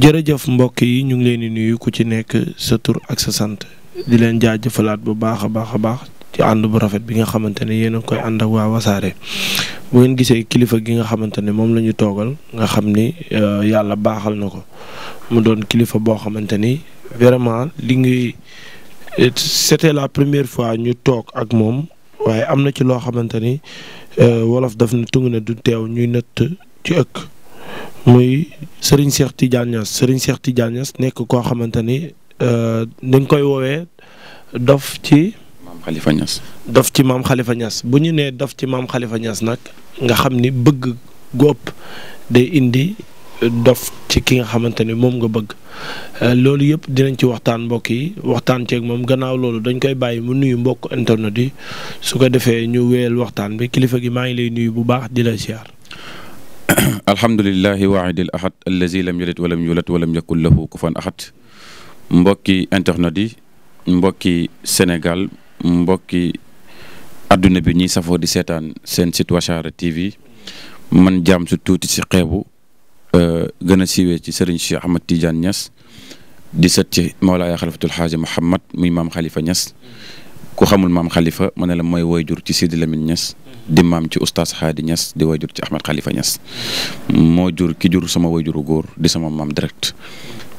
jërëjëf mbokk yi ñu ngi leen di nuyu ko ci nekk sa tur ak sa sant di leen jaajëfalaat bu baax a baax a baax ci ànd bu rafet bi nga xamante ne yéen a koy ànd ak waa wasaare bu ngeen gisee kilifa gi nga xamante ne moom la ñu toogal nga xam ni euh, yàlla baaxal na ko mu doon kilifa boo xamante ni vraiment li ngi c'était la première fois ñu toog ak moom waaye am na ci loo xamante ni euh, wolof daf na tungu ne du teew ñuy nëtt ci ëkk. muy Serigne Cheikh Tidiane Niass Serigne Cheikh Tidiane Niass nekk koo xamante ni euh, dañ koy woowee dof ci. maam Khalifa Niass. dof ci maam Khalifa Niass bu ñu nee dof ci maam Khalifa Niass nag nga xam ni bëgg góob day indi dof ci ki nga xamante ni moom nga bëgg euh, loolu yëpp dinañ ci waxtaan mbokk yi waxtaan ceeg moom gannaaw loolu dañ koy bàyyi mu nuyu mbokk internet yi su ko defee ñu wéyal waxtaan bi kilifa gi maa ngi lay nuyu bu baax di la siyaar. alhamdulilahi waahidil ahad allazi lam yalid walam yulad walam yakul lahu kufuwan ahad mbokki internet yi mbokki Sénégal mbokki àdduna bi ñuy safoo di seetaan seen site Wassare TV man jaam su tuuti si xeebu euh, gën a siiwee ci Serigne Cheikh Ahmad Tidiane Niass di set ci Mawlaaya Xalifatul Xaaji Muhammad muy maam Xalifa ñas ku xamul maam xalifa mu ne la mooy wayjur ci Sidi Lamine Niass di maam ci oustaz Xaadi Niass di wayjur ci Ahmed Khalifa Niass moo jur ki jur sama wayjuru góor di sama maam direct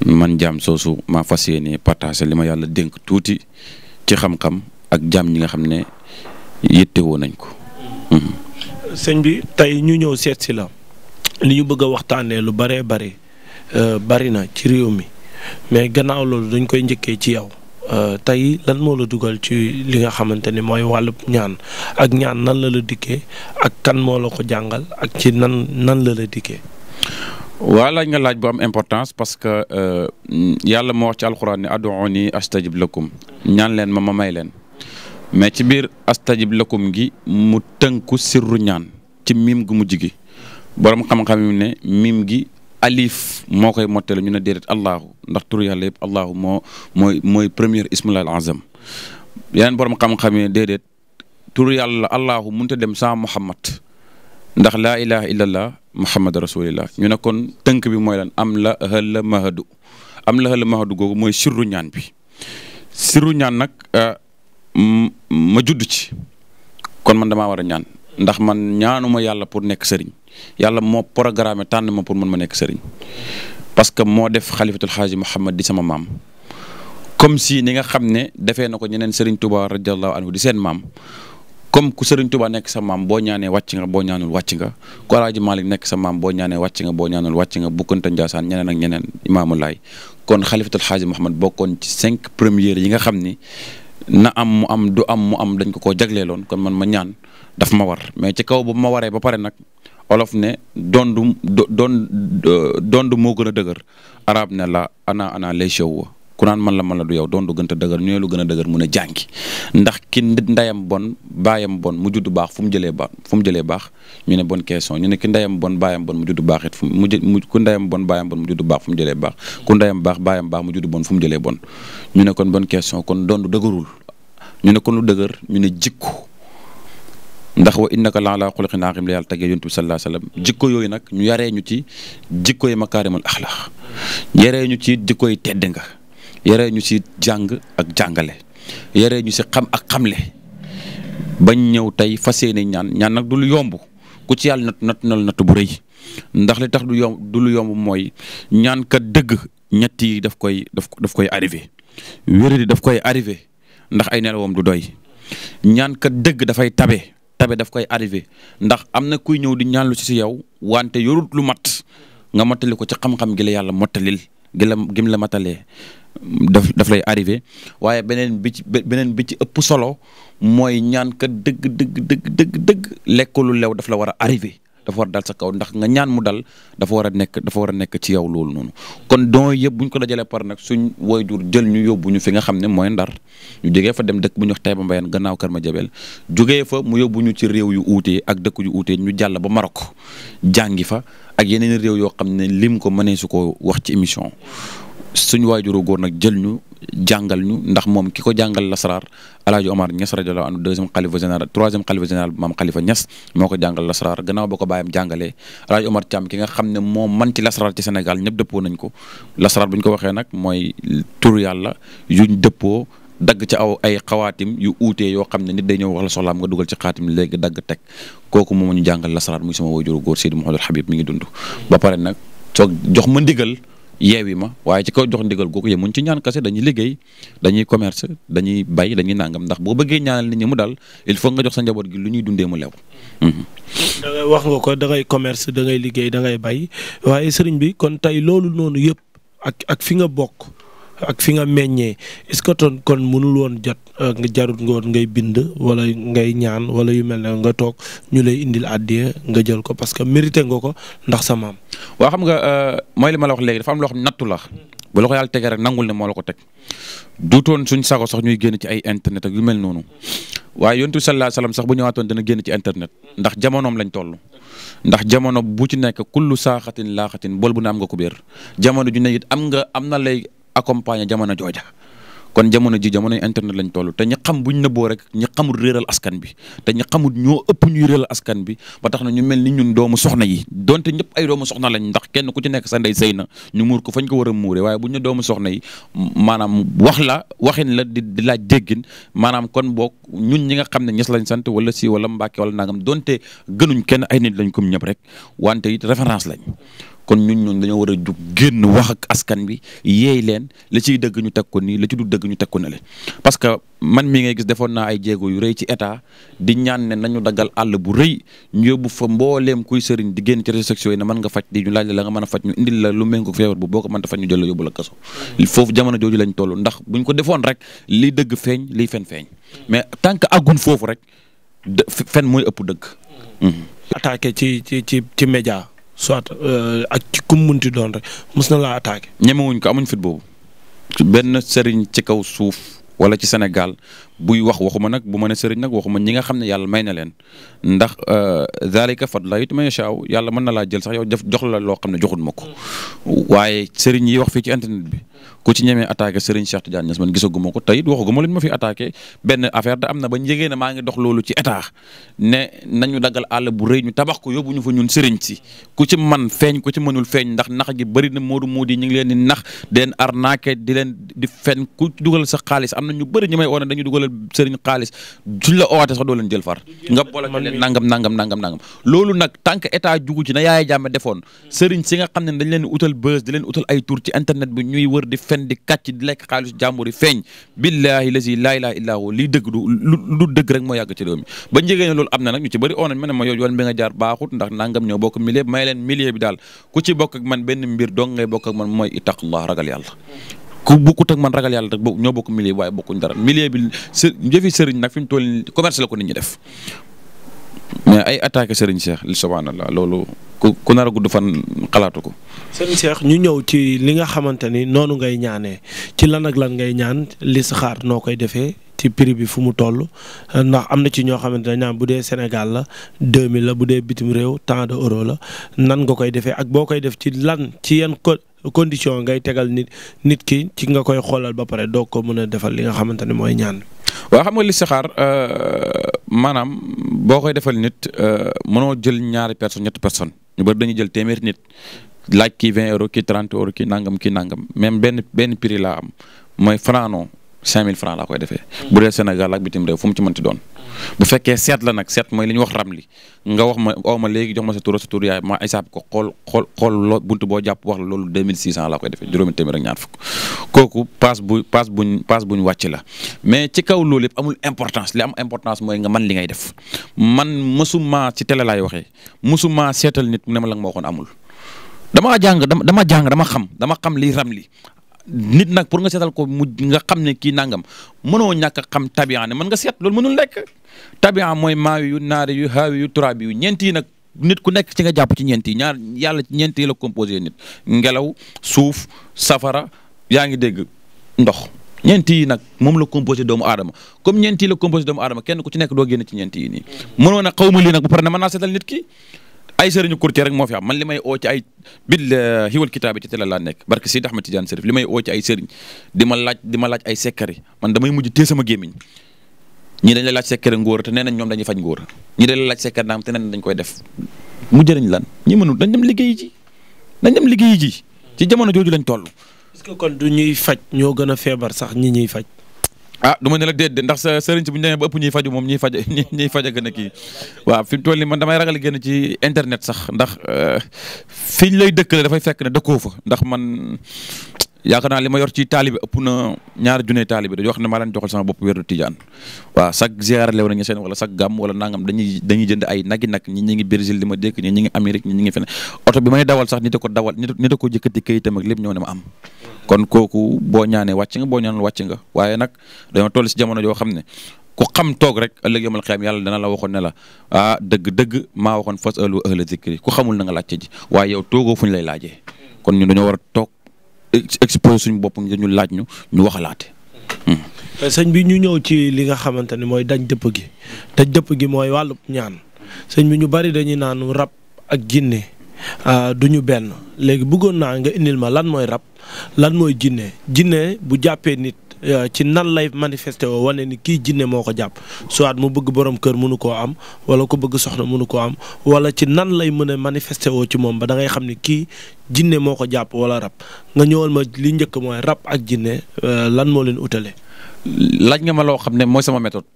man jaam soosu maa fas yéene partagé li ma yàlla dénk tuuti ci xam-xam ak jaam ñi nga xam ne yittewoo nañ ko. Mhm. sëñ bi tey ñu ñëw seet si la li ñu bëgg a waxtaanee lu baree bari euh, bari na ci réew mi mais gannaaw loolu dañ koy njëkkee ci yow. Euh, tey lan moo la dugal ci li nga xamante ni mooy wàllub ñaan ak ñaan nan la la dikkee ak kan moo la ko jàngal ak ci nan nan la la dikkee. waa laaj nga laaj bu am importance parce que euh, yàlla moo wax ci alxuraan ne ad'uuni astajib lakum ñaan leen ma ma may leen mais ci biir astajib lakum gi mu tënku sirru ñaan ci miim gu mu jigi borom xam-xam ne miim gi alif moo koy mottale ñu ne déedéet allahu ndax tur yàlla yëpp allahu moo mooy mooy premier ismulal azam yeneen borom xam-xam yi déedéet tur yàlla allahu mënut a dem sans muhammad ndax laa ilaha illallah muhammad rasulillah ñu ne kon tënk bi mooy lan am la hëlla mahadu am la hëlla mahadu googu mooy sirru ñaan bi sirru ñaan nag euh, ma judd ci kon man damaa war a ñaan ndax man ñaanuma yàlla pour nekk sëriñ yàlla moo programme tànn ma pour mën ma nekk sëriñ parce que moo def xalifatul xaaji Mouhamad di sama maam comme si ni nga xam ne defee na ko ñeneen sëriñ Touba radiallahu anhu di seen maam comme ku sëriñ Touba nekk sa maam boo ñaanee wàcc nga boo ñaanul wàcc nga ku alaaji Malik nekk sa maam boo ñaanee wàcc nga boo ñaanul wàcc nga bukkante Njaasaan ñeneen ak ñeneen imaamu laay kon xalifatul xaaji Mouhamad bokkoon ci cinq premières yi nga xam ni na am mu am du am mu am dañ ko koo jagleeloon kon man ma ñaan daf ma war mais nag olof ne dondu don dondu moo gën a dëgër arab ne la ana ana lay show ku naan man la man la du yow dondu gën a dëgër ñu ne lu gën a dëgër mun a jàngi ndax ki ndayam bon baayam bon mu judd baax fu mu jëlee baax fu mu jëlee baax ñu ne bonne question ñu ne ndayam bon baayam bon mu judd baax it fu mu ku ndayam bon baayam bon mu judd baax fu mu jëlee baax ku ndayam baax baayam mu judd bon fu mu jëlee bon ñu ne kon bonne question kon dondu dëgërul ñu ne kon lu dëgër ñu ne jikko ndax wa innaka la ala xuluqin aziim la yàlla tagee yonent bi sallallahu alayhi wa sallam jikko yooyu nag ñu yaree ñu ci jikko yi makaarimul axlaax yaree ñu ci jikko yi tedd nga yaree ñu ci jàng ak jàngale yaree ñu ci xam ak xam le bañ ñëw tey fas yéene ñaan ñaan nag du lu yomb ku ci yàlla natt na natt bu rëy ndax li tax du yomb du lu mooy ñaan kat ñett daf koy daf koy arrivé wér daf koy arrivé ndax ay nelawam du doy ñaan dëgg dafay tabe. tabe daf koy arrivé ndax am na kuy ñëw di ñaanlu si si yow wante yorut lu mat nga mottali ko ci xam-xam gi la yàlla mottalil gi la gim la matalee daf daf lay arrivé waaye beneen bi beneen bi ci ëpp solo mooy ñaan ka dëgg dëgg dëgg dëgg dëgg lekk lew daf la war a arriver dafa war dal sa kaw ndax nga ñaan mu dal dafa war a nekk dafa war a nekk ci yow loolu noonu kon don yëpp bu ñu ko dajalee par nag suñ waajur jël ñu yóbbu ñu fi nga xam ne mooy ndar ñu jógee fa dem dëkk bu ñu wax ba Mbayeen gannaaw Kër Madiabel jógee fa mu yóbbu ñu ci réew yu uutee ak dëkk yu uutee ñu jàll ba Maroc jàngi fa ak yeneen réew yoo xam ne lim ko mënee su ko wax ci émission suñu waajuru góor nag jël ñu jàngal ñu ndax moom ki ko jàngal lasaraar alaaji Omar Niass radiyallahu anhu deuxième xalifa général troisième xalifa général bi maam xalifa Niass moo ko jàngal lasaraar gannaaw ba ko bàyyam jàngalee alaaji Omar Thiam ki nga xam ne moo man ci lasaraar ci Sénégal ñëpp dëppoo nañ ko lasaraar bu ñu ko waxee nag mooy tur yàlla yuñ dëppoo dagg ci aw ay xawaatim yu uutee yoo xam ne nit day ñëw wax la soxlaam nga dugal ci xaatim léegi dagg teg kooku moom ñu jàngal lasaraar muy sama waajuru góor Seydi Mouhamadou Habib mi ba pare nag soog jox ma ndigal yeewi ma waaye ci ka jox ndigal googu yee muñ ci ñaan kase dañuy liggéey dañuy commerce dañuy bay dañuy nangam ndax boo bëggee ñaanal nit ñi mu dal il faut nga jox sa njaboot gi lu ñuy dundee mu lew. Mhm. da wax nga ko da ngay commerce da ngay liggéey da ngay bay waaye sëriñ bi kon tey loolu noonu yëpp ak ak fi nga bokk. ak fi nga meññee est-ce que ton kon mënul woon euh, jarut ngay bind wala ngay ñaan wala yu mel ne nga toog ñu lay indil àddiya nga jël ko parce que mérité nga ko ndax sa maam. waaw xam nga euh, mooy li ma la wax léegi dafa am loo xam nattu la bu la ko yàlla tegee rek nangul ne moo la ko teg duutoon suñ sago sax ñuy génn ci ay internet ak yu mel noonu waaye yontu sallallahu alayhi wasallam sax bu ñëwaatoon dana génn ci internet ndax jamonoom lañ toll. ndax jamono bu ci nekk kullu saaxatin laaxatin bool bu ne am nga ko biir accompagner jamono jooja kon jamono ji jamono internet lañ toll te ñi xam buñ nëbboo rek ñi xamul réeral askan bi te ñi xamul ñoo ëpp ñuy réeral askan bi ba tax na ñu mel ni ñun doomu soxna yi donte ñëpp ay doomu soxna lañ ndax kenn ku ci nekk sa ndey na ñu muur ko fañ ko war a muure waaye bu ñu doomu soxna yi maanaam wax la waxin la di di laaj déggin maanaam kon boog ñun ñi nga xam ne ñes lañ sant wala si wala Mbàkke wala nangam donte gënuñ kenn ay nit lañ comme ñëpp rek wante it référence lañ kon ñun ñun dañoo war a jug génn wax ak askan bi yeey leen la ciy dëgg ñu teg ko nii la ci du dëgg ñu teg ko ne le parce que man mii ngay gis defoon naa ay jéego yu rëy ci état di ñaan ne nañu daggal àll bu rëy ñu yóbbu fa mbooleem kuy sëriñ di génn ci réseaux yi ne mën nga faj di ñu laaj la nga mën a faj ñu indi la lu méngoo feebar bu boo ko mën ta faj ñu jël la yóbbu la kaso foofu jamono jooju lañ ndax buñ ko defoon rek liy dëgg feeñ li fen feeñ mais tant que àggun foofu rek fen mooy ëpp dëgg attaqué ci ci ci ci média soit euh, ak ci ku munti doon rek mës na laa attaqué. ñemewuñ ko amuñ fit boobu benn sëriñ ci kaw suuf wala ci Sénégal buy wax waxuma nag bu ma ne sëriñ nag waxuma ñi nga xam ne yàlla may na leen ndax euh, zalika fadla it ma yasha yàlla mën na laa jël sax yow def jox la loo xam ne joxut ma ko waaye sëriñ yi wax fii ci internet bi ku ci ñemee attaqué sëriñ Cheikh Tidiane Niass man gisaguma ko tey it waxaguma lu ma fi attaqué benn affaire da am na ba ñu yëgee ne maa ngi dox loolu ci état ne nañu daggal àll bu rëy ñu tabax ko yóbbu ñu fa ñun sëriñ si ku ci man feeñ ku ci manul feeñ ndax nax gi bëri na moodu moodi ñu ngi leen di nax di leen arnaqué di leen di fen ku dugal sa am na ñu bëri wala sëriñ xaalis suñ la oowaatee sax doo leen jël far nga boole leen nangam nangam nangam nangam loolu nag tant que état jugu na yaaya jàmme defoon sëriñ si nga xam ne dañ leen utal bës di leen utal ay tur ci internet bi ñuy wër di fen di kàcc di lekk xaalis jàmbur yi feeñ billaahi lazi laa ilaaha illaa hu dëgg du lu dëgg rek moo yàgg ci réew ba njegee lool am na nag ñu ci bëri oonañ ma ne ma yow yoon bi nga jaar baaxut ndax nangam ñoo bokk milieu may leen milieu bi daal ku ci bokk ak man benn mbir dong ngay ku bokkut ak man ragal yàlla rek boobu ñoo bokk milieu waaye bokkuñ dara milieu bi së jëfi sëriñ nag fi mu toll nii la ko nit ñi def mais ay attaque sëriñ Cheikh li subhanallah loolu ku ku nar gudd fan xalaatu ko. sëriñ Cheikh ñu ñëw ci li nga xamante ni noonu ngay ñaane ci lan ak lan ngay ñaan li saxaar noo koy defee. ci prix bi fu mu toll ndax am na ci ñoo xamante ne ñaan bu dee Sénégal la 2000 la bu dee bitim réew tant de euro la nan nga koy def condition ngay tegal nit nit ki ci nga koy xoolal ba pare doog ko mën a defal li nga xamante ne mooy ñaan. waaw xam nga listixaar euh, maanaam boo koy defal nit euh, mënoo jël ñaari person ñett personne ñu bari dañuy jël téeméeri nit laaj ki 20 euros kii 30 euros kii nangam ki nangam même benn benn prix laa am mooy fanaanoo cinq mille francs laa koy defee. bu dee Sénégal ak bitim réew fu ci mënti doon. bu fekkee seet la nag seet mooy li wax ramli nga wax ma oo ma jox ma sa tur sa tur yaay ma boo jàpp wax la loolu deux mille six cent laa koy defee juróomi bu paas buñ paas buñ wàcc la mais ci kaw loolu yëpp amul importance li am importance mooy nga man li ngay def man mësuma ci télé laay waxee mësuma seetal nit ne ma la nga ma waxoon amul. damaa jàng dama jàng dama xam dama xam liy ramli nit nag pour nga seetal ko mu nga xam ne kii nangam mënoo ñàkk a xam tabian ne mën nga seet loolu mënul nekk tabian mooy maawi yu naari yu haawi yu turaabi yu ñeent yi nag nit ku nekk ci nga jàpp ci ñeenti yi ñaar yàlla ci ñeent yi la composé nit ngelaw suuf safara yaa ngi dégg ndox ñeent yi nag moom la composé doomu aadama comme ñeent yi la composé doomu aadama kenn ku ci nekk doo génn ci ñeent yi nii mënoo nag xaw ma nag bu pare ne mën naa seetal nit ki ay sëriñu courtier rek moo fi am man li may oo ci ay billahi wal ci télé laa nekk barke Sidi Ahmed Tidiane Serif li may ay sëriñ di laaj di laaj ay sekkari man damay mujj tee sama gémmiñ ñii dañ la laaj sekkari ngóor te nee nañ ñoom dañuy faj ngóor ñii dañ la laaj sekkari naam te nee dañ koy def mu jëriñ lan mënul dañ dem liggéey dañ dem liggéey ci jamono jooju lañ toll. du ñuy faj ñoo gën a feebar sax ñi ñuy faj. ah du ma ne la déet ndax sa sëriñ si bu ñu demee ba ëpp ñuy faju moom ñuy faj ñuy faj a gën a kii waaw fi mu toll damay ragal génn ci internet sax ndax euh, fi ñu lay dëkkale dafay fekk ne dëkkoo fa ndax man yaakaar naa li ma yor ci taalibe ëpp na ñaari junne taalibe dañuy wax ne maa leen joxal sama bopp wéru Tijaan waaw chaque ziar lew nañu seen wala chaque gàmm wala nangam dañuy dañuy jënd ay nagi nag ñi ñi ngi Brésil di ma dékk ñi ñi oto bi may dawal sax ni da ko dawal ni da ko jëkkati kayitam ak lépp ñëw am kon kooku boo ñaanee wàcc nga boo ñaanul wàcc nga waaye nag dañoo toll si jamono joo xam ne ku xam toog rek ëllëg yomal xiyam yàlla dana la waxoon ne la ah dëgg dëgg maa waxoon fas alu ahla zikri ku xamul na nga laajte waaye yow toogoo fu ñu lay kon ñun dañoo war a toog expose suñu bopp ngir ñu laaj ñu ñu waxalaate hmm. eh, sëñ bi ñu ñëw ci li nga xamante ne mooy dañ dëpp gi dañ dëpp gi mooy wàllub ñaan sëñ bi ñu bari dañuy naan rab ak jinne Euh, du ñu benn léegi bëggoon naa nga indil ma lan mooy rab lan mooy jinne jinne bu jàppee nit euh, ci nan lay manifesté woo wane ni kii jinne moo ko jàpp soit mu bëgg borom kër mënu koo am wala ku bëgg soxna mënu koo am wala ci nan lay mën a manifesté woo ci moom ba da ngay xam ni kii jinne moo ko jàpp wala rab nga ñëwal ma li njëkk mooy rab ak jinne euh, lan moo leen utale laaj nga ma loo xam ne mooy sama méthode.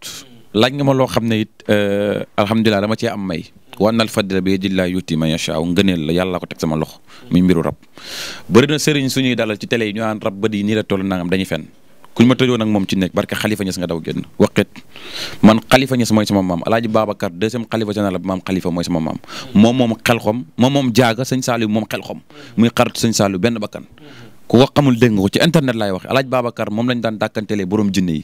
laaj nga ma loo xam ne it euh, alhamdulilah dama cee am may. wa annal fadla bi yadillaahi yu'tiihi man yashaa'u ngëneel la yàlla ko teg sama loxo. muy mbiru rab. bëri na sëriñ suñuy dalal ci télé yi ñu naan rab ba di nii la toll nangam dañuy fenn kuñ ma tëjoon ak moom ci nekk barke xalifa ñes nga daw génn waqit man xalifa ñes mooy sama maam alaaji babacar deuxième xalifa général maam xalifa mooy sama maam moom moom xelxom moom moom jaaga sañ saaliw moom xelxom muy xaritu sëñ saaliw benn bakkan ku ko xamul dégg nga ko ci internet laay wax alaaj Babacar moom lañ daan dàkkantelee borom jinne yi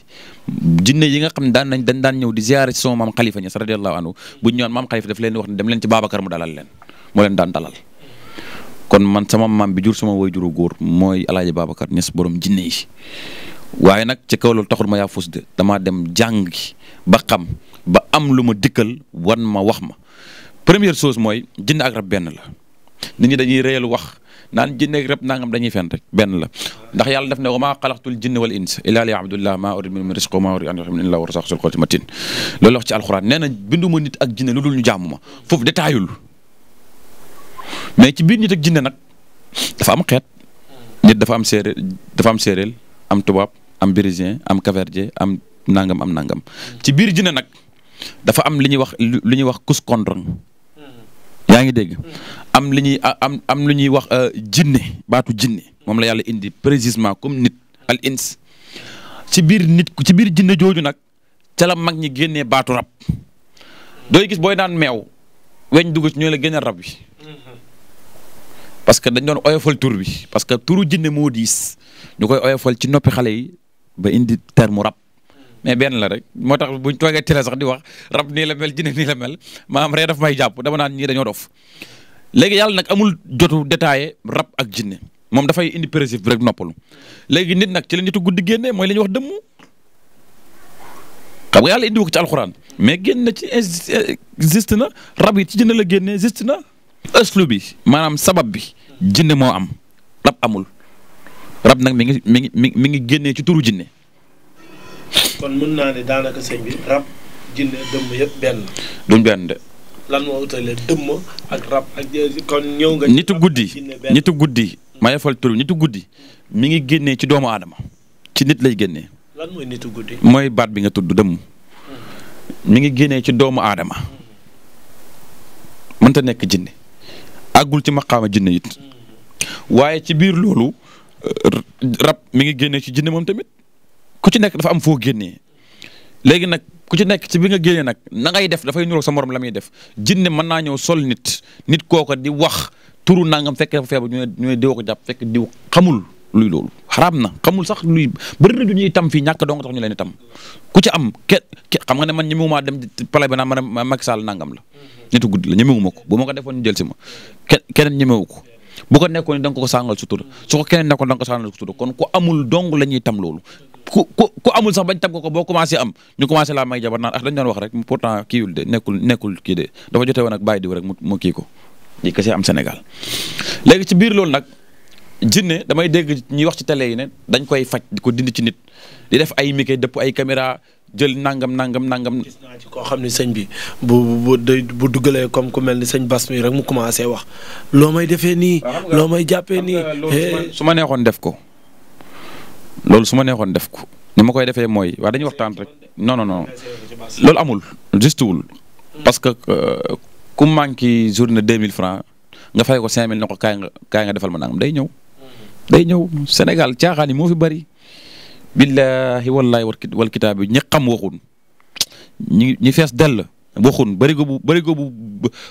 jinne yi nga xam ne daan nañ dañ daan ñëw di ziare ci sama maam Khalifa Niass radiyallahu anhu bu ñu ñëwoon daf leen di wax ne dem leen ci Babacar mu dalal leen moo leen daan dalal kon man sama maam bi jur sama waajuru góor mooy alaaji Babacar Niass borom jinne yi waaye nag ci kaw loolu taxul ma yaa fus de damaa dem jàngi ba xam ba am lu ma dikkal wan ma wax ma première chose mooy jinne ak rab benn la nit ñi dañuy réyal wax. naan jinne rek nangam dañuy fen rek benn la ndax yàlla def ne wa maa xalaqtul jinne wal ins illaa liya'budullah maa urid minhum rizqan wa maa urid an yutimma illaa huwa razzaqul qawiyyu matin loolu wax ci alxuraan nee na binduma nit ak jinne lu dul ñu jàmm ma foofu détaayul mais ci biir nit ak jinne nag dafa am xeet nit dafa am séeréer dafa am séeréel am tubaab am brésilien am caverdien am nangam am nangam ci biir jinne nag dafa am li ñuy wax lu ñuy wax kus kondrang hmm. yaa ngi dégg hmm. am li ñuy am am lu ñuy wax euh, jinne baatu jinne moom la yàlla indi présisement comme nit al ins ci biir nit ci biir jinne jooju nag ca la mag ñi génnee baatu rab dooy gis booy naan meew weñ dugg ci ñooy la génneel rab bi parce que dañ doon oyofal tur bi parce que turu jinne moo diis ñu koy oyofal ci noppi xale yi ba indi terme rab mais benn la rek moo tax buñ toogee télé sax di wax rab nii la mel jinne nii la mel maam ree daf may jàpp dama naan ñii dañoo dof léegi yàlla nag amul jotu détaillé rab ak jinne moom dafay indi pérésif bi rek noppalu léegi nit nag ci la nitu guddi génne mooy li ñuy wax dëmmu xam nga yàlla indi ko ci alxuraan mais génn ci existe na rab yi ci jinne la génne existe na ëslu bi maanaam sabab bi jinne moo am rab amul rab nag mi ngi mi ngi mi ngi génnee ci turu jinne kon mën naa ne daanaka sëñ bi rab jinne dëmm yëpp benn duñ benn de lan moo utalee ñëw nga. nitu guddi nitu guddi. ma yefal tur nitu guddi mi ngi génnee ci doomu aadama ci nit lay génne lan mooy nitu guddi. mooy baat bi nga tudd dëmm. Hmm. mi ngi génnee ci doomu aadama. mënta nekk jinne àggul ci maqaama jinne it. Hmm. waaye ci biir loolu rab mu ngi génnee ci jinne moom tamit ku ci nekk dafa am foo génnee léegi nag ku ci nekk ci bi nga génnee nag na ngay def dafay niroog sa morom la muy def jinne man naa ñëw sol nit nit kooka di wax turu nangam fekkee fa feebar ñu ne ñu ne diw ko jàpp fekk diw xamul luy loolu na xamul sax luy bëri na du ñuy tam fii ñakk doo nga tax ñu leen di tam ku ci am ke xam nga ne man ñemewumaa dem palais ba naa man a Macky Sall nangam la nitu guddi la ko bu ma ko defoon ñu jël si ma keneen ñemewu ko bu ko nekkoon da nga ko sàngal sutura su ko keneen nekkoon da nga ko sàngal sutura kon ku amul dong la ñuy tam loolu ku ku amul sax bañ tab ko ko boo commencé am ñu commencé laa may jabar naan ah dañ doon wax rek pourtant kiiwul de nekkul nekkul kii de dafa jote woon ak mu mu kii ko di kese am senegal léegi ci biir loolu nag jinne damay dégg ñuy wax ci télé yi ne dañ koy faj di ko dindi ci nit di def ay mike dëpp ay caméra jël nangam nangam nangam. gis naa koo xam ne sëñ bi bu bu bu duggalee comme ku mel ni sëñ Bas rek mu commencé wax loo may defee nii. loo may jàppee nii eh. su ma neexoon def ko. loolu su ma neexoon def ko ni ma koy defee mooy waa dañuy waxtaan rek non non non loolu amul juste wul parce que euh, ku ne journée mille francs nga fay ko 5000 ne ko kaay nga defal ma nangam day ñëw. day ñëw Sénégal caaxaan yi moo fi bari billahi wallahi wal kitaab bi ñi xam waxun ñi ñi fees dell waxun go bu bërigo bu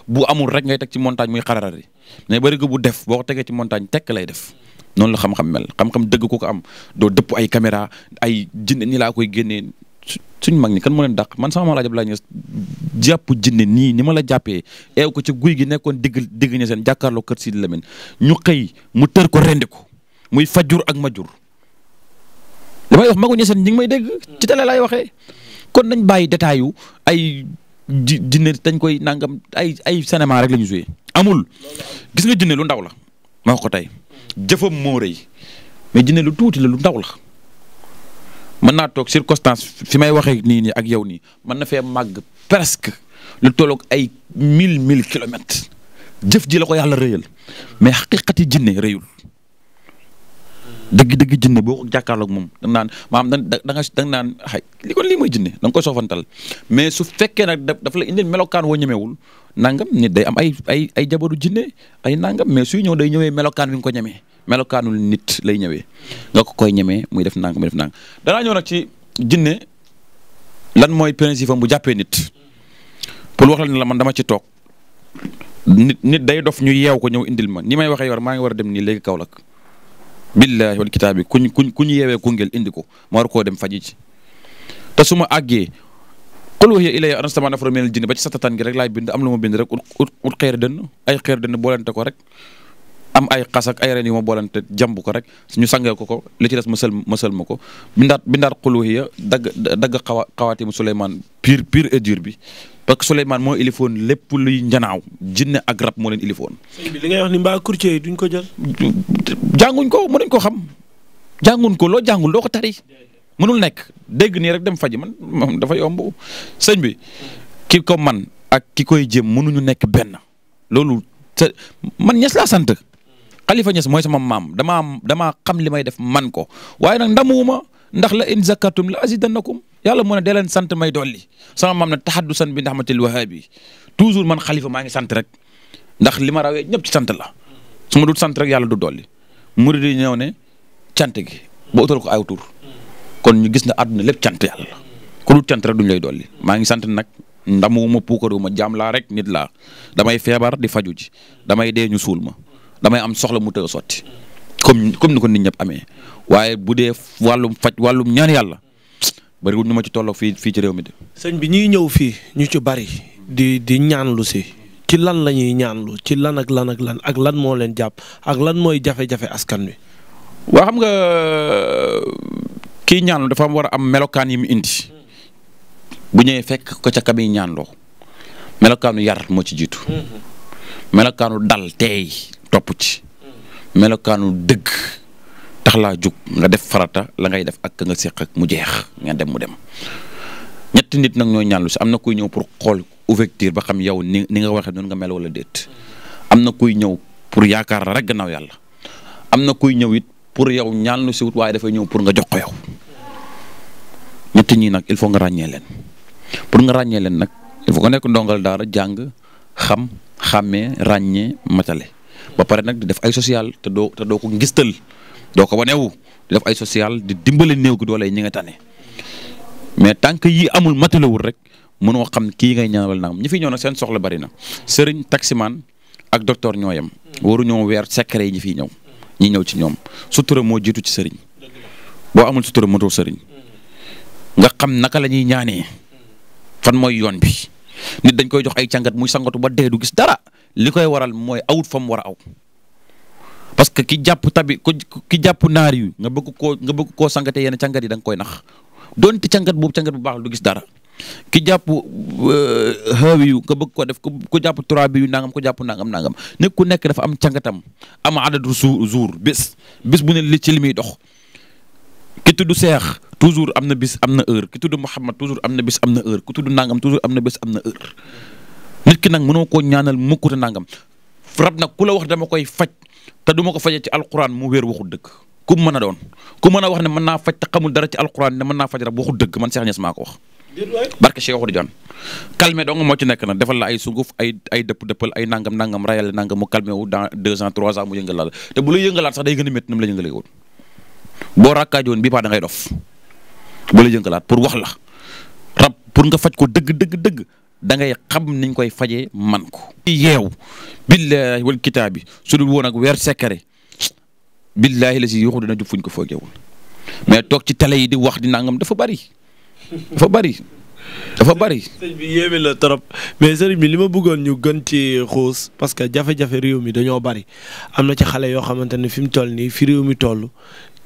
bu amul rek ngay teg ci montagne muy xararari mais bërigo bu def boo ko tegee ci montagne tek lay def. noonu la xam-xam mel xam-xam dëgg ku ko am doo dëpp ay caméra ay jinne nii laa koy génnee suñ mag ñi kan moo leen dàq man sama laaj laa ñu jàpp jinne nii ni ma la jàppee eew ko ci guy gi nekkoon digg digg ña seen jàkkaarloo kër Sidi Lamine ñu xëy mu tër ko rendi ko muy fajur ak majur damay wax maguñu seen ñi ngi may dégg ci télé laay waxe kon nañ bàyyi détails yu ay ji jinne dañ koy nangam ay ay cinéma rek la ñu amul gis nga jinne lu ndaw la ma wax ko tey. jëfam moo rëy mais jinne lu tuuti la lu ndaw la mën naa toog circonstance fi may waxee nii nii ak yow nii mën na fee màgg presque lu tolloog ay mille mille kilomètres jëf ji la ko yàlla rëyal mais xaqiqati jinne rëyul dëgg-dëgg jinne boo ko jàkkaarloog moom da naan maam da da nga da naan xay li kon lii mooy jinne da nga koy soofantal mais su fekkee nag dafa la indil melokaan woo ñemewul nangam nit day am ay ay ay jabaru jinne ay nangam mais suy ñëw day ñëwee melokaan wi nga ko ñemee melokaanul nit lay ñëwee nga ko koy ñemee muy def nangam muy def nangam danaa ñëw nag ci jinne lan mooy principe bu jàppee nit pour wax la ne la man dama ci toog nit nit day dof ñu yeew ko ñëw indil ma ni may waxee war maa ngi war a dem nii léegi Kaolack billaahi wal kitaabi kuñ kuñ ku ñu yeewee Koungheul indi ko ma war koo dem faji ci te su ma àggee qul wahiya a anna nafaru minal jinni ba ci satataan gi rek laay bind am lu ma bind rek ut ut xeer dënn ay xeer dënn boolante ko rek am ay xas ak ay ren yu ma boolante jàmb ko rek ñu sangee ko ko li ci des ma sël ma sël ma ko bindaat bindaat xuluhiya dagg dagg xawa xawaatimu Souleymane pire pire et dur bi parce que Souleymane moo ilifoon lépp luy njanaaw jinne ak rab moo leen ilifoon. li ngay wax ni mbaa courtier yi ko jël. jànguñ ko mënuñ ko xam jànguñ ko loo jàngul loo ko tari mënul nekk dégg nii rek dem faji man moom dafa yomb sëñ bi ki ko man ak ki koy jëm mënuñu nekk benn loolu man ñes laa sant. Khalifa Niass mooy sama maam damaa damaa xam li may def man ko waaye nag ndamuwuma ndax la in zakatum la azidannakum yàlla yalla ne dee leen sant may dolli sama maam ne taxaddusan bi te ndaxmatil wahabi toujours man Khalifa maa ngi sant rek ndax li ma rawee ñëpp ci sant la su ma dul sant rek yàlla du dolli murid yi ñëw ne cant gi ba utal ko aw kon ñu gis na àdduna lépp cant yàlla la ku lay dolli maa ngi sant nag ndamuwuma puukaruma jaam laa rek nit laa damay feebar di faju ji damay dee ñu suul ma. damay am soxla mu tëgg a sotti comme comme ni ko nit ñëpp amee waaye bu dee wàllum faj wàllum ñaan yàlla bëriwul ñu ma ci tolloo fii fii ci réew mi de. sëñ bi ñuy ñëw fii ñu ci bari di di ñaanlu si ci lan la ñuy ñaanlu ci lan ak lan ak lan ak lan moo leen jàpp ak lan mooy jafe-jafe askan wi. waa xam nga kii ñaanlu dafa war a am melokaan yi mu indi bu ñëwee fekk ko ca ka muy ñaanloo melokaanu yar moo ci jiitu mm-hmm. melokaanu dal teey topp ci melokaanu dëgg tax laa jug nga def farata la ngay def ak ka nga séq ak mu jeex nga dem mu dem ñetti nit nag ñooy ñaanlu si am na kuy ñëw pour xool ouverture ba xam yow ni ni nga waxee noonu nga mel wala déet am na kuy ñëw pour yaakaar la rek gannaaw yàlla am na kuy ñëw it pour yow ñaanlu si wut waaye dafay ñëw pour nga jox ko yow ñetti ñii nag il faut nga ràññee leen pour nga ràññee leen nag il faut nga nekk ndongal daara jàng xam xàmmee ràññee matale. ba pare nag di def ay social te doo te doo ko ngistal doo ko wanewu di def ay social di dimbale néew gi doole ñi nga tane mais tànk yi amul matalawul rek mënoo xam kii ngay ñaanal naam ñi fi ñëw nag seen soxla na sëriñ taximaan ak docteur ñoo yem waruñoo weer secret yi ñi fiy ñëw ñi ñëw ci ñoom sutura moo jiitu ci sëriñ boo amul sutura moto sëriñ nga xam naka la ñuy ñaanee fan mooy yoon bi nit dañ koy jox ay càngat muy sangatu ba dee du gis dara li koy waral mooy awut fa mu war a aw parce que ki jàpp tabi ki jàpp naar yu nga bëgg koo nga bëgg koo sangate yenn càngat yi da nga koy nax doonte cangat boobu cangat bu baax du gis dara ki jàpp euh, xaawi yu nga bëgg ko def ko jàpp trois bi yu nangam ko jàpp nangam nangam ne ku nekk dafa am càngatam am adadu su jour bis bis bu ne li ci li muy dox ki tudd seex toujours am na bis am na heure ki tudd Mouhamad toujours am na bis am na heure ki tudd nangam toujours am na bis am na heure nit ki nag mënoo koo ñaanal mukkute nangam rab na ku la wax dama koy faj te du ma ko fajee ci alquran mu wéer waxul dëgg ku mën a doon ku mën a wax ne mën naa faj te xamul dara ci alquran ne mën naa faj rab waxul dëgg man Cheikh Niass maa ko wax. barke Cheikh Oudou Diagne moo ci nekk nag defal la ay sunguf ay ay dëpp dëppal ay nangam nangam rayal nangam mu calmé wu dans ans trois ans mu yëngalaat te bu la yëngalaat sax day gën a métti nam la yëngalee woon boo da ngay dof bu la yëngalaat pour wax la rab pour nga faj ko dëgg dëgg dëgg da ngay xam niñ koy fajee man ko. yeew billaahi wal kitaabi su dul woon ak weer sekere billaahi la si yuuxu dana jub fuñ ko foogewul mais toog ci télé yi di wax di nangam dafa bari dafa bari dafa bari. sëñ trop mais sëriñ bi li ma bëggoon ñu gën ci xuus parce que jafe réew mi dañoo bari am na ci xale yoo xamante ne fi mu toll nii fi réew mi toll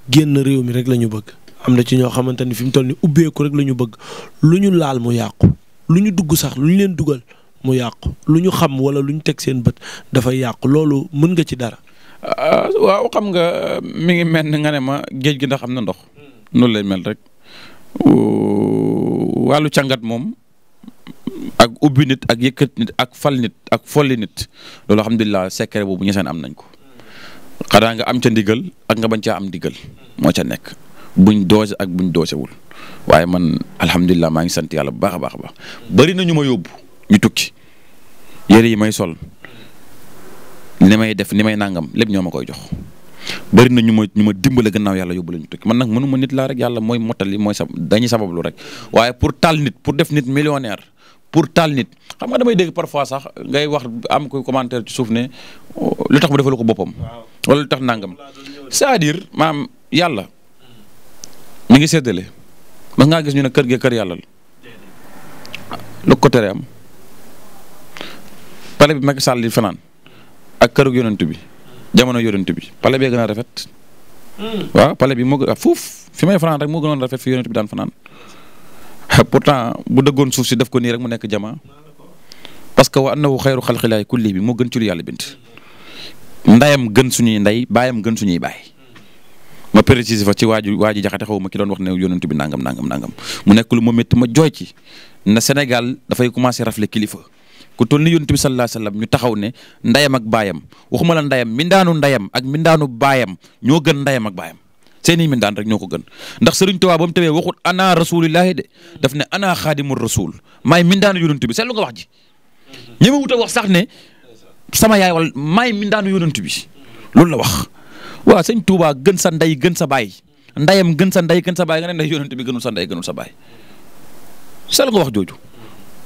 génn réew mi rek la ñu bëgg am na ci ñoo xamante ni fi mu toll nii ubbeeku rek la ñu bëgg lu ñu laal mu yàqu. lu ñu dugg sax lu ñu leen dugal mu yàqu lu ñu xam wala lu ñu teg seen bët dafay yàqu loolu mën nga ci dara. Ah, waaw xam nga mi ngi mel ni nga ne ma géej gi ndax xam na ndox. noonu lay mel rek wàllu càngat moom ak ubbi ak yëkkat nit ak fal nit ak folli nit loolu alhamdulilah secret boobu ñeseen am nañ ko. xanaa nga am ca ndigal ak nga bañ caa am ndigal moo ca nekk buñ doose ak buñ doosewul waaye man alhamdulilah maa ngi sant yàlla bu baax a baax baax bëri na ñu ma yóbbu ñu tukki yére yi may sol ni may def ni may nangam lépp ñoo ma koy jox. bari na ñu ma ñu ma dimbale gannaaw yàlla yóbbu la ñu tukki man nag mënuma nit laa rek yàlla mooy mottali mooy sab dañuy sabablu rek waaye pour taal nit pour def nit millionnaire. pour taal nit xam nga damay dégg parfois sax ngay wax am ko commentaire ci suuf ne oh, lu tax mu defal ko boppam. wala lu tax nangam c'est-à-dire maam yàlla mi ngi séddale. mas ngaa gis ñu ne kër gi kër yàlla la lu am pale bi Macky Sall di fanaan ak kërug yonent bi jamono yonent bi pale bee gën a rafet waaw pale bi moo gën fi may fanaan rek moo gënoon rafet fi bi daan fanaan pourtant bu dëggoon suuf si def ko nii rek mu nekk jamaa parce que wa annahu xayru xalqilaay kulli bi moo gën ci lu yàlla bind ndayam gën suñuy ndey baayam gën suñuy baay ma préciser fa ci waaju jaxate xaw ma ki doon wax ne yonent bi nangam nangam mu nekk lu ma métti ma jooy na Sénégal dafay commencé rafle kilifa ku toll ni yonent bi sallallahu alayhi wasallam ñu taxaw ne ndayam ak baayam waxuma la ndayam mindaanu ndayam ak mindaanu baayam ñoo gën ndayam ak baayam seeni mindaan rek ñoo ko gën ndax Sëriñ Tuubaa ba mu tawee waxut ana rasulillahi de daf ne ana xaadimul bi seetlu nga wax ji ñëmewut a sax ne sama yaay wala maay mindaanu yonent loolu la wax waaw sëñ tuubaa gën sa ndey gën sa baay ndeyam gën sa ndey gën sa baay nga ne yonent bi gënul sa ndey gënul sa baay sal nga wax jooju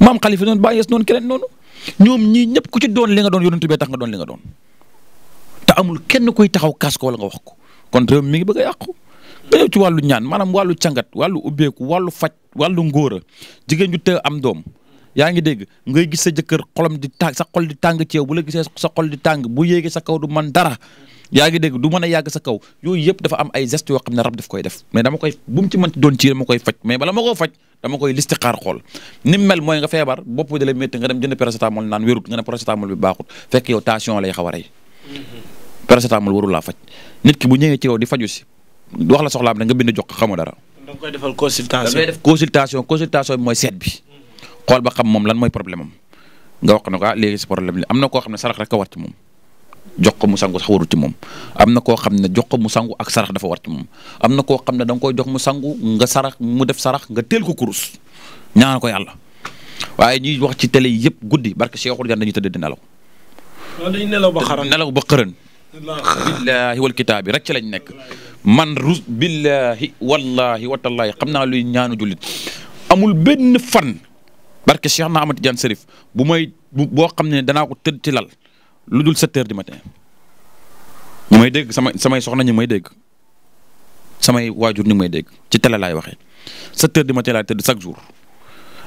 maam xalifa noonu bàyyees noonu keneen noonu ñoom ñii ñëpp ku ci doon li nga doon yonent bee tax nga doon li nga doon te amul kenn kuy taxaw kaas ko wala nga wax ko kon réew mi ngi bëgg a yàqu. nga ñëw ci wàllu ñaan maanaam wàllu càngat wàllu ubbeeku wàllu faj wàllu ngóora jigéen ju te am doom yaa ngi dégg ngay gis sa jëkkër xolam di tàng sa xol di tàng ci yow bu la gisee sa xol di tàng bu yéegee sa kaw du man dara yaa ngi dégg du mën a yàgg sa kaw yooyu yëpp dafa am ay gestes yoo xam ne rab daf koy def mais dama koy bu mu ci mënti doon ci dama koy faj mais bala ma koo faj dama koy listixaar xool ni mu mel mooy nga feebar bopp da lay métti nga dem jënd paracetamol naan wérut nga ne paracetamol bi baaxut fekk yow tension lay xaw a rey mm-hmm. laa faj nit ki bu ñëwee ci yow di faju si wax la soxlaam da nga bind jox xamoo dara. da defal consultation da ngay def bi mooy seet bi. xool ba xam moom lan mooy problème am nga wax ne ko ah, xam ne sarax rek a war ci moom jox ko mu sangu sax warul ci moom am na koo xam ne jox ko mu sangu ak sarax dafa war ci moom am na koo xam ne danga nga koy jox mu sangu nga sarax mu def sarax nga teel ko kurus ñaana ko yàlla waaye ñuy wax ci télé yëpp guddi barke Cheikhul Jan dañuy tëdd di nelaw. dañuy nelaw ba xaran nelaw ba xëran. billaahi wal kitaabi rek ci lañ nekk. man rus billaahi wallaahi watallaahi xam naa luy ñaanu jullit amul benn fan. barke Cheikh na Amady Diagne Serif bu may boo xam ne danaa ko tëdd ci lal lu dul sept heures du matin ñu may dégg sama samay soxna ñu may dégg samay waajur ñu may dégg ci télé laay waxee sept heures du matin laay tëdd chaque jour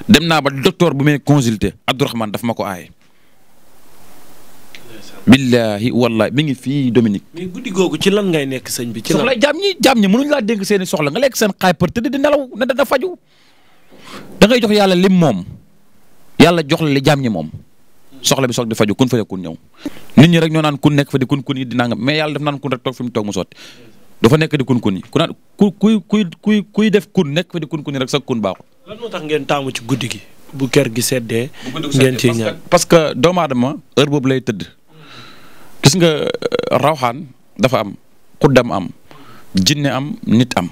dem naa ba docteur bu may consulter Abdourahmane daf ma ko aaye. billahi wallahi mi ngi fii Dominique. mais guddi googu ci lan nekk sëñ bi. ci lan soxla jaam ñi jaam ñi mënuñ laa dégg seen i soxla nga lekk seen xaay për tëdd di nelaw na dana faju da ngay jox yàlla lim moom. yàlla jox la li jaam ñi moom soxla bi soog di faju kun fa kun ñëw nit ñi rek ñoo naan kun nekk fa di kun kun yi di nangam mais yàlla def naan kun rek toog fi toog mu sotti dafa nekk di kun kun yi ku naan ku kuy kuy kuy def kun nekk fa di kun rek sax kun baaxul. moo tax ngeen taamu ci guddi gi. bu kër gi seddee. ngeen ciy parce que doomaadama aadama heure lay tëdd. gis nga rawxaan dafa am xuddam am jinne am nit am.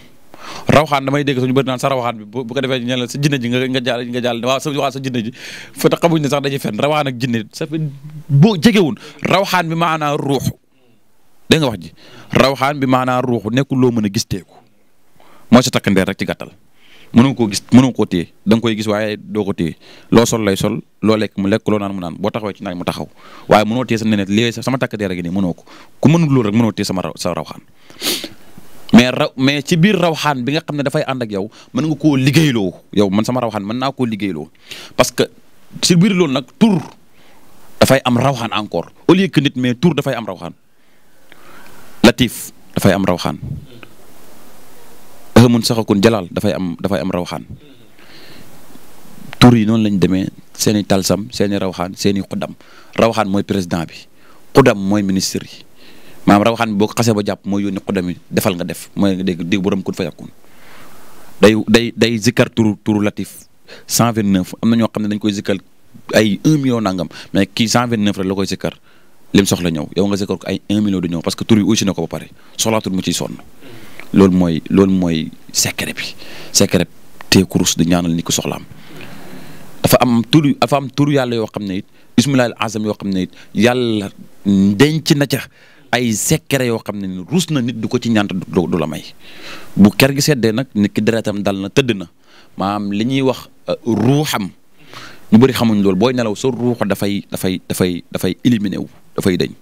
xaan damay dégg suñu bëri naan sa rawxaan bi bu ko defee ñu ne la sa jinne ji nga jàll nga jàll waaw sa waaw sa jinne ji fa tax xamuñ ne sax dañuy fenn rawxaan ak jinne boo jegewun rawxaan bi maanaa ruux dégg nga wax ji rawxaan bi maanaa ruux nekkul loo mën a gis teeku mooy sa takk ndeer rek ci gàttal mënoo koo gis mënoo koo téye da koy gis doo ko téye loo sol lay sol loo lekk mu lekk loo naan mu naan boo taxawee ci naaj mu taxaw waaye mënoo téye sa nenet lii sama takk deer a nii mënoo ko ku mënul loolu rek mënoo téye sama raw sa rawxaan mais raw mais ci biir rawxaan bi nga xam ne dafay ànd ak yow mën nga koo liggéeyloo yow man sama rawxaan mën naa koo liggéeyloo parce que si biir loolu nag tur dafay am rawxaan encore au lieu que nit mais tur dafay am rawxaan latif dafay am rawxaan xamun saxakun jalaal dafay am dafay am rawxaan tur yi noonu lañ demee seeni talsam seeni rawxaan seeni xuddam rawxaan mooy président bi xuddam mooy ministre yi maanaam rawaxaan bi boo ko ba jàpp mooy yónni xudam yi defal nga def mooy nga dégg dégg borom kun fa yàkkun day day day zikkar turu turu latif 129 am na ñoo xam ne dañ koy zikkal ay 1 million nangam mais kii 129 rek la koy zikkar lim soxla ñëw yow nga zikkar ko ay 1 million du ñëw parce que tur yi aussi na ko ba pare soxlaatul mu ciy sonn loolu mooy loolu mooy secret bi secret te kurus da ñaanal nit ko soxlaam dafa am tur dafa am tur yàlla yoo xam ne it bismillahil azam yoo xam ne it yàlla denc na ca. ay secret yoo xam ne ni ruus na nit du ko ci ñant du la may bu ker gi seddee nag nit ki deretam dal na tëdd na maanaam li ñuy wax euh, ruuxam ñu bëri xamuñ loolu booy nelaw sa ruuxa dafay dafay dafay dafay éliminé wu dafay dañ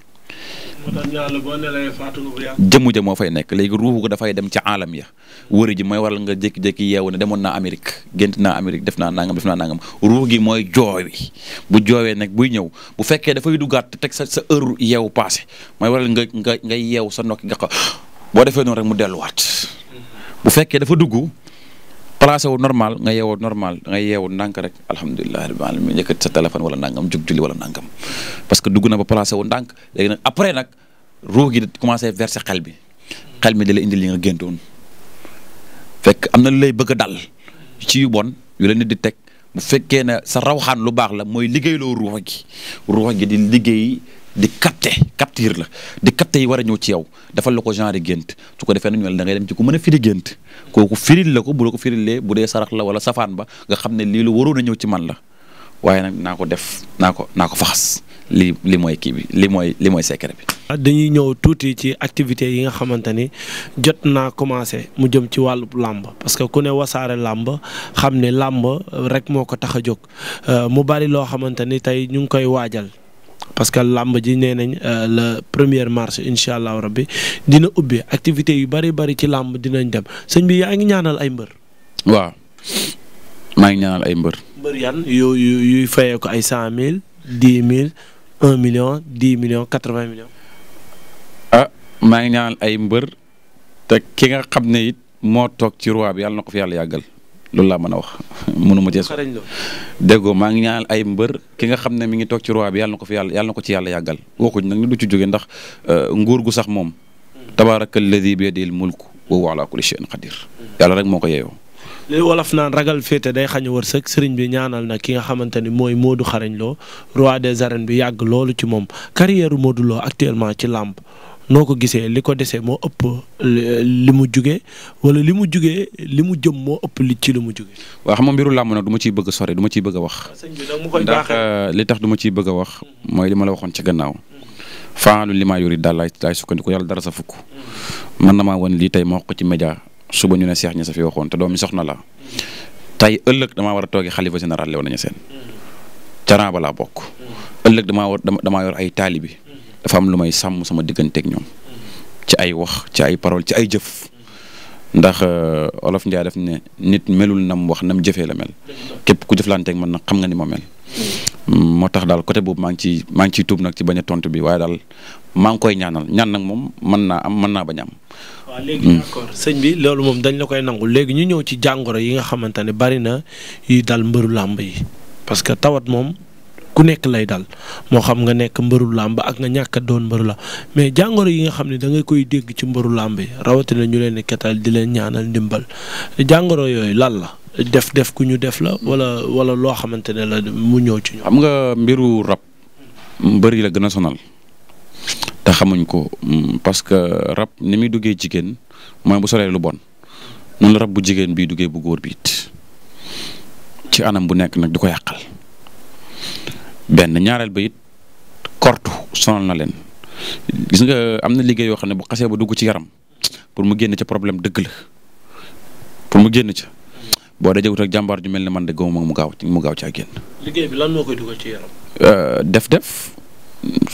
jëmm ja moo fay nekk léegi ruuxu ko dafay dem ca aalam ya wëri ji mooy waral nga jékki-jékki yeewu ne demoon na Amérique gént naa Amérique def na nangam def naa nangam ruux gi mooy joowi bu joowee nag buy ñëw bu fekkee dafay duggaat teg sa sa heure yeewu passé mooy waral nga nga nga yeewu sa nokki nga ko boo defee noonu rek mu delluwaat mm-hmm. bu fekkee dafa dugg place wu normal nga yeewoo normal nga yeewu ndànk rek alhamdulilah rabbil alamin yëkkati sa téléphone wala nangam jug julli wala nangam parce que dugg na ba placé wu ndànk léegi nag après nag ruux gi commencé verser xel bi xel mi da indi indil li nga géntoon fekk am na lay bëgg a dal ci yu bon yu la nit di teg bu fekkee ne sa xaan lu baax la mooy liggéeyloo ruux gi ruux gi di liggéey. di capter capture la di capter yi war a ñëw ci yow defal la ko genre gént su ko defee nañu mel da dem ci ko mën a firi gént kooku firil la ko bu la ko bu dee sarax la wala safaan ba nga xam ne lii lu waroon a ñëw ci man la waaye nag naa ko def naa ko naa ko faxas lii li mooy kii bi li mooy li mooy secret bi. dañuy ñëw tuuti ci activités yi nga xamante ni jot naa commencé mu jëm ci wàllu làmb parce que ku ne wasaare làmb xam ne làmb rek moo ko tax a jóg euh, mu bari loo xamante ni tey ñu ngi koy waajal parce que làmb ji nee nañ euh, le premier mars incha allahu rabbi dina ubbi activité yu bari bari ci làmb dinañ dem sëñ bi yaa ngi ñaanal ay mbër. waaw maa ngi ñaanal ay mbër. mbër yan yu yuy fayee ko ay cent mille dix mille un million dix million quatre vingt millions. ah maa ngi ñaanal ay mbër te ki nga xam ne it moo toog ci roi bi yàlla na ko fi yàlla yàggal. loolu laa mën a wax mënu ma jeex déggoo maa ngi ñaanal ay mbër ki nga xam ne mi ngi toog ci roi bi yàlla na ko fi yàlla yàlla na ko ci yàlla yàggal waxuñ nag ni du ci jóge ndax euh, nguur gu sax moom mm. tabaarakal ladi bi yadil mulku wa huwa ala kulli shay'in qadir yàlla rek moo ko yeeyoo li wolof naan ragal féete day xañ wërsëg sëriñ bi ñaanal na ki nga xamante ni mooy moodu Xarañ loo roi des arènes bi yàgg loolu ci moom carrière Modou loo actuellement ci làmb noo ko gisee li ko desee moo ëpp li mu jugee wala li mu jugee li mu jëm moo ëpp li ci li mu jugee. waaw xam mbiru làmb nag du ma ciy bëgg sore sori du bëgg a wax. Ah, ndax euh, li tax du ma ciy bëgg a wax. mooy li ma la waxoon ci gannaaw. faalu li maa yori daal laay laay sukkandiku yàlla dara sa fukk. man na maa woon lii tey ma wax ci média suba ñu ne seex ña sa fi waxoon te doom mi soxna la. tey ëllëg damaa war a toogee xalifa général Léona Niassène. ca Raaba laa bokk. Mm. ëllëg damaa war damaa yor ay taalibi dafa am lu may sàmm sama digganteeg ñoom ci ay wax ci ay parole ci ay jëf ndax euh, olof Ndiaye def ne nit melul nam wax nam jëfee la mel képp ku jëflanteeg man nag xam nga ni ma mel. moo tax daal côté boobu maa ngi ciy maa ngi ciy tuub nag ci bañ tontu bi waaye daal maa ngi koy ñaanal ñaan nag moom mën naa am man naa bañ am. waaw hmm. sëñ bi loolu moom dañ la koy nangul léegi ñu ñëw ci jàngoro yi nga xamante ne bari na yuy dal mbëru làmb yi parce que tawat moom ku nekk lay dal moo xam nga nekk mbëru làmb ak nga ñàkk a doon mbëru la mais jàngoro yi nga xam ne da nga koy dégg ci mbëru làmb yi rawatina ñu leen di ketal di leen ñaanal ndimbal jàngoro yooyu lan la def def ku ñu def la wala wala loo xamante ne la mu ñëw ci ñu xam nga mbiru rab mbëri la gën a sonal te xamuñ ko mm, parce que rab ni muy duggee jigéen mooy bu solee lu bon noonu rab bu jigéen bii duggee bu góor biit ci anam bu nekk nag du ko yàqal benn ñaareel ba it kortu sonal na leen gis nga am na liggéey yoo xam ne bu xasee ba dugg ci yaram pour mu génn ca problème dëgg la pour mu génn ca boo dajewut ak jàmbaar ju mel ne man de góob moom mu gaaw mu gaaw caa génn. liggéey euh, def def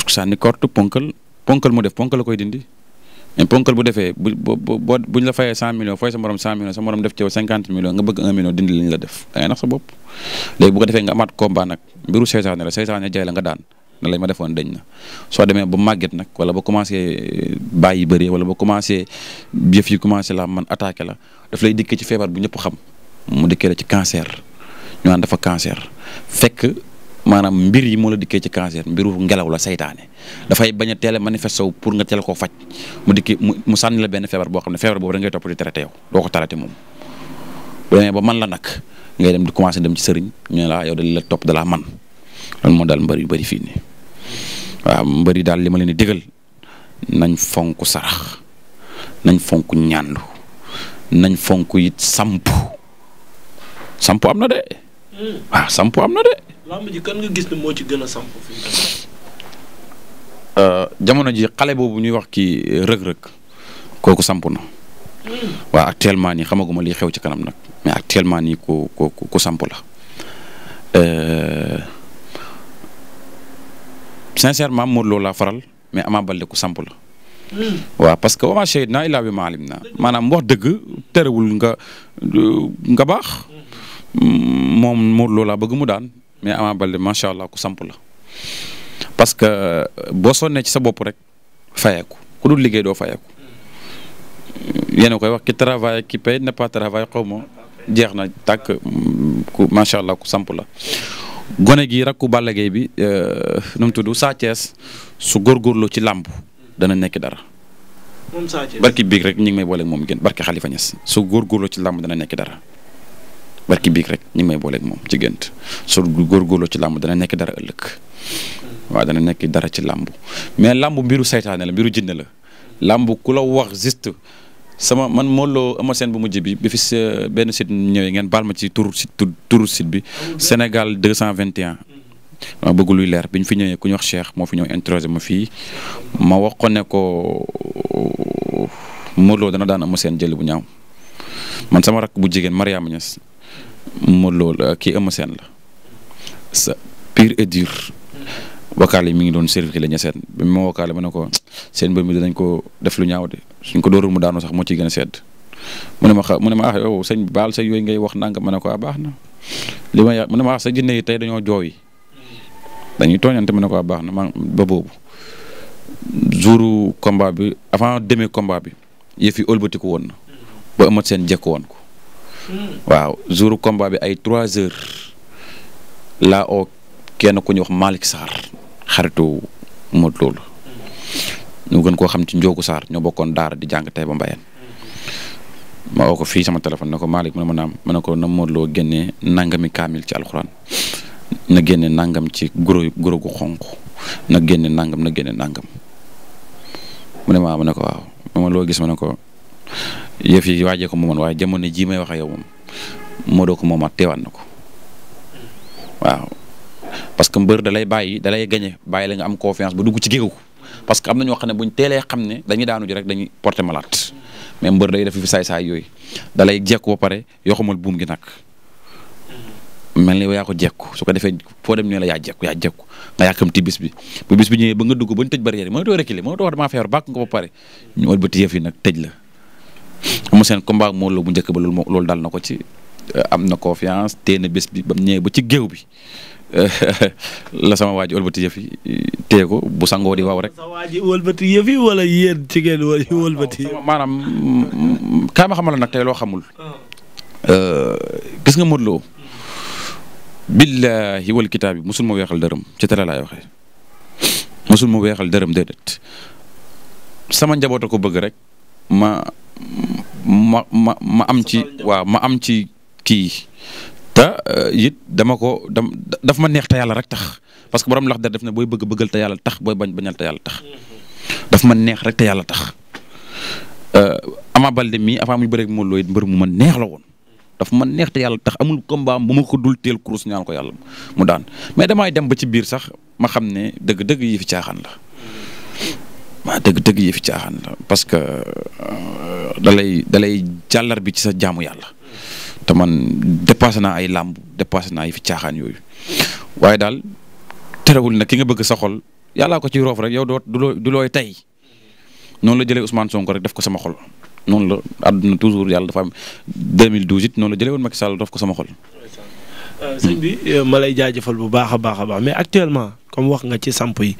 sànni kortu ponkal ponkal mu def ponkal la koy dindi. mais ponkal bu defee bu bu bu ñu la fayee cent millions fay sa morom cent millions sa morom def ci yow cinquante millions nga bëgg un million dindi li la def da nax sa bopp. léegi bu defee nga amaat combat nag mbiru seytaane la seytaane jaay la nga daan ne lañ ma defoon dañ na soo demee ba màgget nag wala ba commencé yi bëri wala ba commencé jëf yi commencé la man attaque la daf lay dikkee ci feebar bu ñëpp xam mu dikkee la ci cancer ñu naan dafa cancer fekk maanaam mbir yi moo la dikkee ci mbir mbiru ngelaw la seytaane dafay baña a teel manifesté wu pour nga teel koo faj mu dikki mu sànni la benn feebar boo xam ne feebar boobu da ngay topp di traité yow doo ko traité moom. bu demee ba man la nag ngay dem di commencé dem ci sëriñ ñu ne la yow dañ la topp dalaa man loolu moo daal mbër yu bëri fii nii waaw mbër yi daal li ma leen di digal nañ fonk sarax nañ fonk ñaandu nañ fonk it samp samp am na de hmm. waaw lamb gis ne moo ci gën euh, jamono ji xale boobu ñuy wax ki euh, rëg-rëg kooku samp na hmm. waaw actuellement nii xamaguma liy xew ci kanam nag mais actuellement nii ku ku samp la euh, sincèrement Modou Lo laa faral mais Ama Baldé ku samp la hmm. waaw parce que wa maa shahidnaa illaa bimaa alimnaa maanaam wax dëgg terewul nga nga baax hmm. mm, moom Modou Lo laa bëgg mu daan mais Ama bale macha allah ku samp la parce que euh, boo sonnee ci sa bopp rek fayeeku ku dul liggéey doo fayeeku yéen koy wax ki travaille ki paye ne pas travaille xaw ma jeex na takk ku macha allah ku samp la. gone gi rakku Balla Gaye bi euh, nu mu tudd Sa Thiès su góorgóorloo ci làmb dana nekk dara. Sa Thiès barki biig rek ñu ngi may boole moom gën barki Khalifa Niass su góorgóorloo ci làmb dana nekk dara. barki biig rek ñu may booleek moom ci gént soo góorgóorloo ci làmb dana nekk dara ëllëg waaw dana nekki dara ci làmb mais làmb mbiru saytaane la mbiru jinne la làmb ku la wax juste sama man mooloo ama seen bu mujj bi ba fi benn site ñëwee ngeen baal ma ci tur site tur site bi Sénégal 221. ma bëgg luy leer bi ñu fi ñëwee ku ñu wax Cheikh moo fi ñëw introsé ma fii ma wax ko ne ko mooloo dana daan ama seen jëli bu ñaaw man sama rakk bu jigéen Mariama Niass Modou Lo kii Eumeu Sène la sa pur et dur wakaale yi mi ngi doon certifié la ñu seet bi ma wakaale ma ne ko seen mbër mi dinañ ko def lu ñaaw de suñ ko dóorul mu daanu sax moo ciy gën a mu ne ma xa mu ne ma ah yow sëñ baal sa yooyu ngay wax nangam ma ne ko ah, baax na li ma ya mu ne ma ah sa jinne yi tey dañoo jooy dañuy tooñante ma ne ko ah baax na ma ba boobu jouru combat bi avant demee combat bi yëf yi woon na ba amat seen jekk woon waaw jour combat bi ay trois heures laa oo kenn ku ñuy wax Malick Sarr xaritu Modou loolu ñu gën koo xam ci Njoogu saar ñoo bokkoon daara di jàng tey ba mbayeen ma woo ko fii sama téléphone ne ko Malick mu ne ma naam ma ko na Modou Lo génnee nangami kaamil ci alxuraan na génne nangam ci goro goro gu xonq na génne nangam na génne nangam mu ne ko waaw ma loo gis ma ne ko yëf yi waajee ko moomoon waaye jamono jii may wax ak yow moo Modou ko moomaat teewaat na ko waaw parce que mbër da lay bàyyi dalay lay gañe bàyyi la nga am confiance ba dugg ci géew parce que am na ñoo xam ne buñ teelee xam ne dañuy daanu ji rek dañu porter malaat mais mbër day def fi saay-saay yooyu dalay lay jekku ba pare yoo xamal buum gi nag mel ni yaa ko jekku su ko defee foo dem ñu la yaa jekku yaa jekku nga yàkkamti bis bi bu bis bi ñëwee ba nga dugg ba ñu tëj nag tëj la. Eumeu Sène bu njëkk ba euh, am na confiance téye na bés bi géew bi sa waa ji wëlbati yëf yi wala yéen mm, ma xamal la nag tey loo ah. euh, mosul ma weexal dërëm ci télé laay mosul ma weexal dërëm déedéet sama njaboot a ko bëgg rek ma ma ma am ci waaw ma am ci kii te yit euh, dama ko dam daf ma neex te yàlla rek tax parce que borom lax der def na booy bëgg bëggal te yàlla tax booy bañ bañal te yàlla tax mm-hmm. daf ma neex rek te yàlla tax euh, Ama Baldé mii avant muy bëreeg Modou mbër mu ma neex la woon daf ma neex te yàlla tax amul combat bu ma ko dul teel kurus ñaan ko yàlla mu daan mais damay dem ba ci biir sax ma xam ne dëgg-dëgg yi fi caaxaan la. Mm-hmm. waa dëgg dëgg yëfi caaxaan parce que euh, dalay dalay jàllar bi ci sa jaamu yàlla te man dépassé naa ay làmb dépassé naa fi caaxaan yooyu waaye daal terewul nag ki nga bëgg sa xol yàllaa ko ci roof rek yow doo du looy du looy tey noonu la jëlee Ousmane Sonko rek def ko sama xol noonu la àdduna toujours yàlla dafa am 2012 it noonu la jëlee woon Macky Sall def ko sama xol. Euh, euh, ma lay jaajëfal bu baax a baax a baax mais actuellement. comme wax nga ci samp yi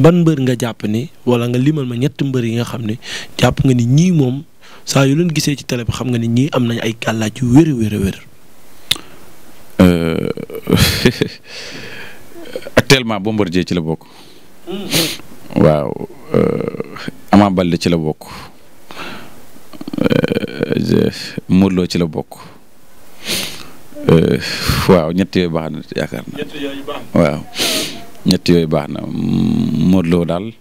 ban mbër nga jàpp ni wala nga limal ma ñetti mbër yi nga xam ne jàpp nga ni ñii moom saa yu leen gisee ci télé bi xam nga ni ñii am nañ ay gàllaaj yu wér wér wér. Euh, actuellement Bombardier ci la bokk. Mm-hmm. waaw euh, Ama ci la bokk. Euh, Modou ci la bokk. waaw ñett yooyu baax na yaakaar naa. waaw. ñett yooyu baax na Modou Lo daal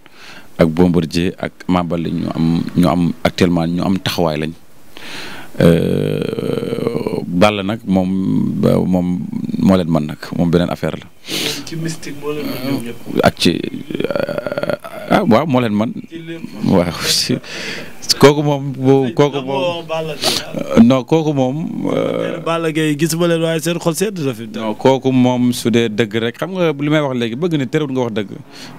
ak Bombardier ak Mabal lañ ñu am ñu am actuellement ñu am taxawaay lañ euh, Balla nag moom moom moo leen man nag moom beneen affaire la. ci mystique moo euh, ah waaw moo leen man waaw kooku moom bu kooku moom ah? non kooku moom. Euh, Balla Gaye gisuma leen waaye seen xol sedd na moom su dee dëgg rek xam nga li may wax léegi bëgg na terewul nga wax dëgg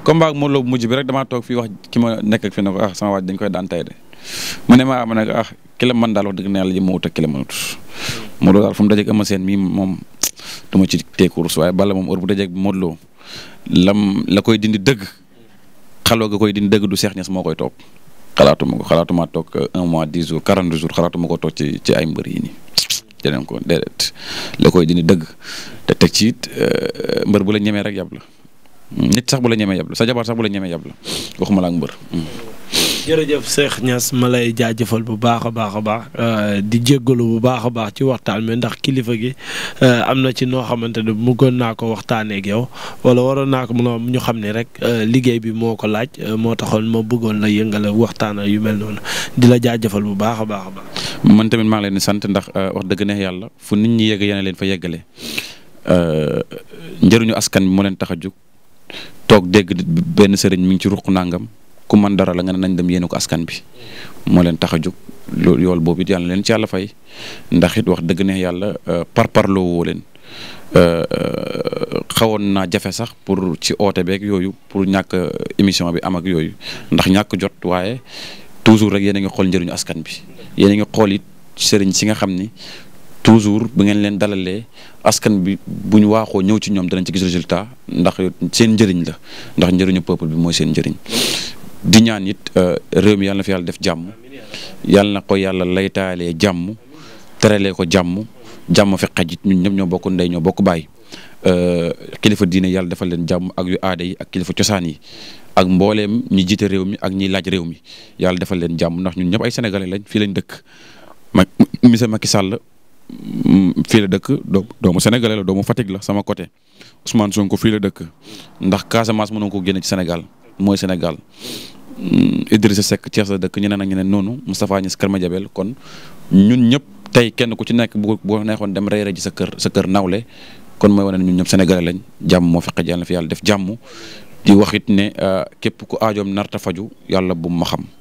combat ak Modou mujj bi rek damaa toog fi wax ki ma nekk ak fi ne ko ah sama waaj dañ koy daan tey de mu ne maa ah, ma ne ko ah ki la daal wax dëgg ne yàlla ji ma wut ak ki la mënut. daal fu mu dajeeg Eumeu Sène mii moom du ma ci teeku ruus waaye bala moom heure bu dajeeg Modou Lo lam la koy dindi dëgg xaloo ga koy dindi dëgg du Cheikh Niass moo koy topp xalaatuma ko xalaatuma euh, un mois dix jours quarante jours xalaatuma ko toog ci ci ay mbër yi nii deneen ko déedéet dëgg te teg ciit it euh, mbër bu la ñemee rek yab la nit sax bu la ñemee yab la sa jabar sax bu ñemee yab la waxuma la jërëjëf Cheikh ma lay jaajëfal bu baax a baax a baax euh, di jéggalu bu baax a baax ci waxtaan bi ndax kilifa gi euh, am na ci noo xamante ne bëggoon naa ko waxtaanee yow wala waroon naa ko mën ñu xam ne rek euh, liggéey bi moo ko laaj moo taxoon ma bëggoon la yëngale waxtaan yu mel noonu di la jaajëfal bu baax a baax man tamit maa ngi leen di sant ndax wax dëgg neex yàlla fu nit ñi yegg yéen leen fa yeggale njëriñu askan bi moo leen tax a jóg toog dégg benn sëriñ mi ngi ci ruq nangam. ku man dara la nga ne nañ dem yéene ko askan bi moo leen tax a jóg loolu yool boobu it yàlla leen ci yàlla fay ndax it wax dëgg ne yàlla euh, par parloo woo leen euh, euh, xawoon naa jafe sax pour ci oote beeg yooyu pour ñàkk émission bi amak yooyu ndax ñàkk jot waaye toujours rek yéen a ngi xool njëriñu askan bi yéen a ngi xool it sëriñ si nga xam ni toujours bu ngeen leen dalalee askan bi bu ñu waaxoo ñëw ci ñoom danañ ci gis résultat ndax seen njëriñ la ndax njëriñu peuple bi mooy seen njëriñ di ñaan it euh, réew mi yàlla na fi yàlla def jàmm yàlla na ko yàlla laytaalee jàmm teralee ko jàmm jàmm fi xajit ñun ñëpp ñoo bokk ndey ñoo bokk baay euh, kilifa diine yàlla defal leen jàmm ak yu aada yi ak kilifa cosaan yi ak mbooleem ñi jiite réew mi ak ñiy laaj réew mi yàlla defal leen jàmm ndax ñun ñëpp ay sénégalais lañ fii lañ dëkk ma monsieur Macky Sall fii la dëkk doomu sénégalais la doomu Fatick la sama côté Ousmane Sonko fii la dëkk ndax Casamance mënoon ko génne ci Sénégal. mooy Sénégal mm, Idrissa Seck Thiès la dëkk ñeneen ak ñeneen noonu Moustapha Niass Kër Madiabel kon ñun ñëpp tey kenn ku ci nekk bu boo neexoon dem reere ji sa kër sa kër nawle kon mooy wane ne ñun ñëpp sénégalais lañ jàmm moo fexe yàlla fi yàlla def jàmm di wax it ne euh, képp ku aajoom narta faju yàlla bu ma xam.